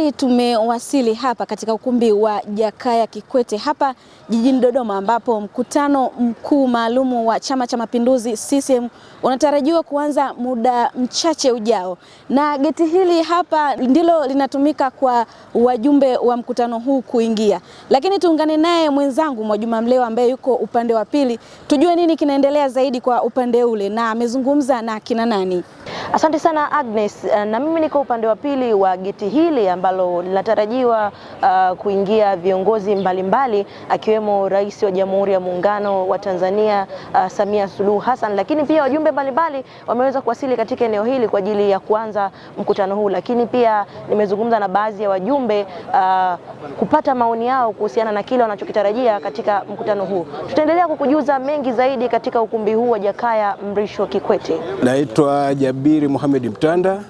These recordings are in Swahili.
Tayari tumewasili hapa katika ukumbi wa Jakaya Kikwete hapa jijini Dodoma ambapo mkutano mkuu maalumu wa Chama cha Mapinduzi CCM unatarajiwa kuanza muda mchache ujao. Na geti hili hapa ndilo linatumika kwa wajumbe wa mkutano huu kuingia. Lakini tuungane naye mwenzangu Mwajuma Mleo ambaye yuko upande wa pili tujue nini kinaendelea zaidi kwa upande ule na amezungumza na kina nani. Asante sana Agnes, eh, na mimi niko upande wa pili wa geti hili ambalo linatarajiwa uh, kuingia viongozi mbalimbali akiwemo Rais wa Jamhuri ya Muungano wa Tanzania uh, Samia Suluhu Hassan, lakini pia wajumbe mbalimbali wameweza kuwasili katika eneo hili kwa ajili ya kuanza mkutano huu, lakini pia nimezungumza na baadhi ya wajumbe uh, kupata maoni yao kuhusiana na kile wanachokitarajia katika mkutano huu. Tutaendelea kukujuza mengi zaidi katika ukumbi huu wa Jakaya Mrisho Kikwete. Naitwa Jabir Waziri Mohamed Mtanda.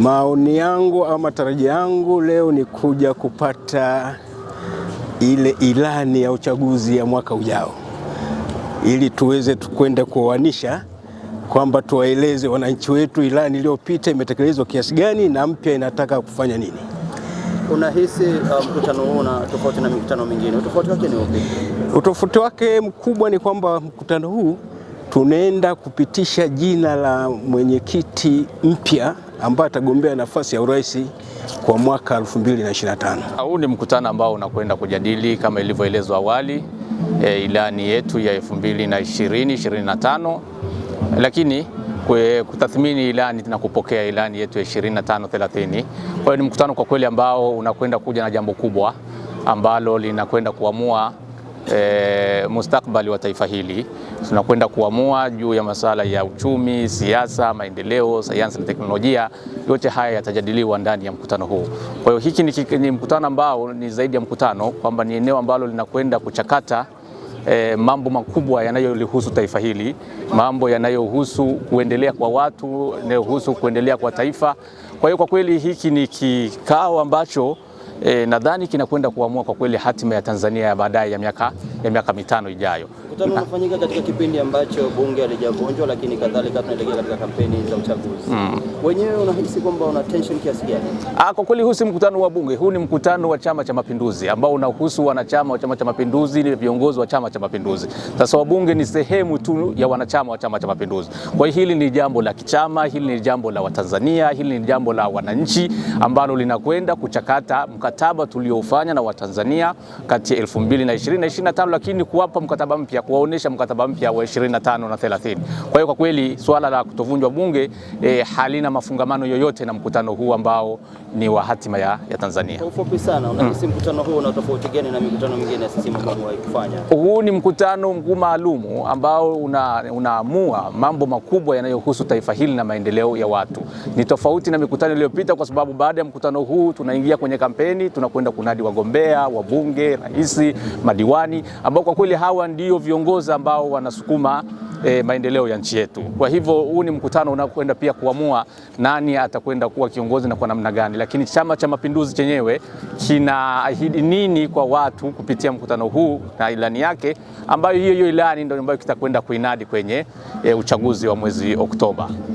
Maoni yangu au matarajio yangu leo ni kuja kupata ile ilani ya uchaguzi ya mwaka ujao, ili tuweze kwenda kuoanisha kwamba tuwaeleze wananchi wetu ilani iliyopita imetekelezwa kiasi gani na mpya inataka kufanya nini. Unahisi uh, mkutano um, huu na tofauti na mikutano mingine, utofauti wake ni upi? Utofauti wake mkubwa ni kwamba mkutano huu tunaenda kupitisha jina la mwenyekiti mpya ambaye atagombea nafasi ya urais kwa mwaka 2025. Huu ni mkutano ambao unakwenda kujadili kama ilivyoelezwa awali e, ilani yetu ya 2020 2025, lakini kutathmini ilani na kupokea ilani yetu ya 25 30. Kwa hiyo ni mkutano kwa kweli ambao unakwenda kuja na jambo kubwa ambalo linakwenda kuamua e, mustakbali wa taifa hili. Tunakwenda kuamua juu ya masala ya uchumi, siasa, maendeleo, sayansi na teknolojia. Yote haya yatajadiliwa ndani ya mkutano huu. Kwa hiyo hiki ni, ni mkutano ambao ni zaidi ya mkutano, kwamba ni eneo ambalo linakwenda kuchakata E, mambo makubwa yanayolihusu taifa hili, mambo yanayohusu kuendelea kwa watu, yanayohusu kuendelea kwa taifa. Kwa hiyo kwa kweli hiki ni kikao ambacho e, nadhani kinakwenda kuamua kwa kweli hatima ya Tanzania ya baadaye ya miaka, ya miaka mitano ijayo. Mkutano unafanyika katika kipindi ambacho bunge halijavunjwa, lakini kadhalika tunaelekea katika kampeni za uchaguzi mm. Wenyewe unahisi kwamba una tension kiasi gani? Ah, kwa kweli huu si mkutano wa bunge, huu ni mkutano wa Chama cha Mapinduzi ambao unahusu wanachama wa Chama cha Mapinduzi ni viongozi wa Chama cha Mapinduzi. Sasa wabunge ni sehemu tu ya wanachama wa Chama cha Mapinduzi. Kwa hiyo hili ni jambo la kichama, hili ni jambo la Watanzania, hili ni jambo la wananchi ambalo linakwenda kuchakata mkataba tuliofanya na Watanzania kati ya 2020 na 2025 lakini kuwapa mkataba mpya kuwaonesha mkataba mpya wa 25 na 30. Kwa hiyo kwa kweli suala la kutovunjwa bunge e, halina mafungamano yoyote na mkutano huu ambao ni wa hatima ya, ya Tanzania. Kwa ufupi sana, mm. unahisi mkutano huu una tofauti gani na mikutano mingine ya CCM ambayo haikufanya? Huu ni mkutano mkuu maalum ambao una, unaamua mambo makubwa yanayohusu taifa hili na maendeleo ya watu. Ni tofauti na mikutano iliyopita kwa sababu baada ya mkutano huu tunaingia kwenye kampeni, tunakwenda kunadi wagombea, wabunge, rais, madiwani ambao kwa kweli hawa ndio viongozi viongozi ambao wanasukuma E, maendeleo ya nchi yetu. Kwa hivyo huu ni mkutano unaokwenda pia kuamua nani atakwenda kuwa kiongozi na kwa namna gani, lakini Chama cha Mapinduzi chenyewe kinaahidi nini kwa watu kupitia mkutano huu na ilani yake, ambayo hiyo hiyo ilani ndio ambayo kitakwenda kuinadi kwenye e, uchaguzi wa mwezi Oktoba.